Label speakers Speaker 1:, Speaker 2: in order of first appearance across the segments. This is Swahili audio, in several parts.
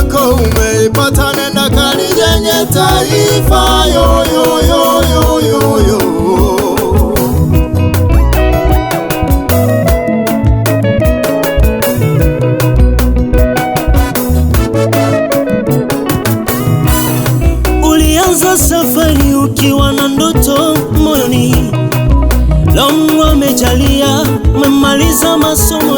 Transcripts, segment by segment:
Speaker 1: yako umeipata, nenda kalijenge taifa yo.
Speaker 2: Ulianza safari ukiwa na ndoto moyoni, Mungu amejalia umemaliza masomo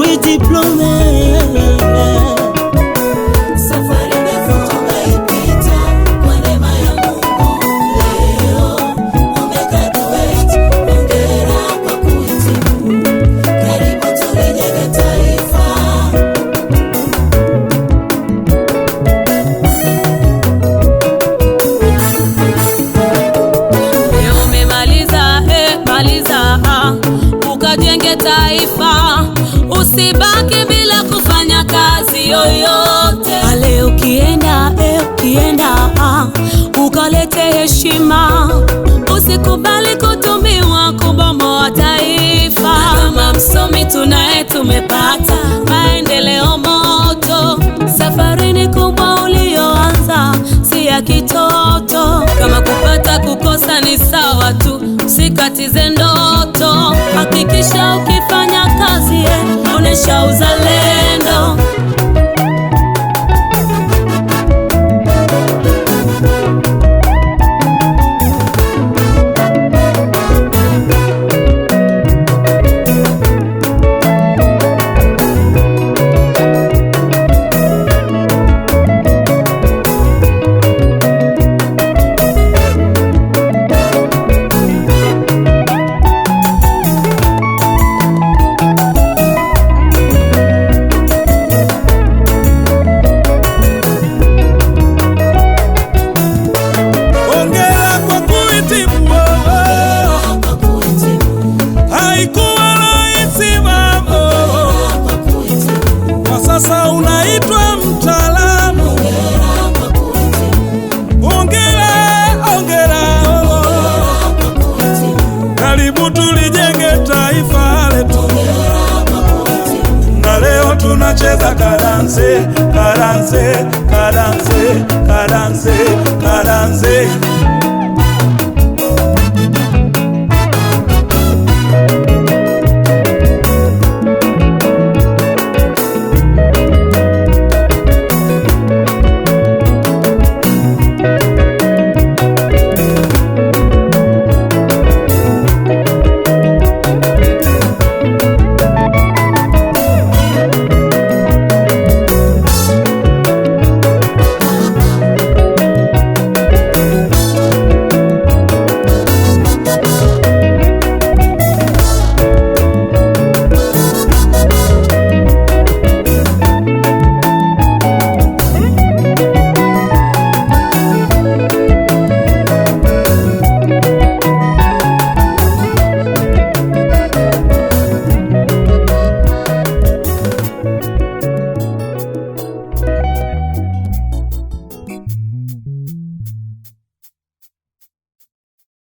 Speaker 2: Oui diplômé
Speaker 3: ujenge taifa, usibaki bila kufanya kazi yoyote.
Speaker 4: Ale ah, ukienda e, ukienda ah, ukalete heshima, usikubali kutumiwa kubomoa taifa. Ah,
Speaker 5: kama msomi tunaye tumepata maendeleo moto,
Speaker 6: safarini kubwa ulioanza si ya kitoto.
Speaker 7: Kama kupata kukosa ni sawa tu, usikatize ndoto
Speaker 8: hakikisha ukifanya kazi eh, onesha uzalendo
Speaker 9: karanze karanze karanze karanze karanze, karanze.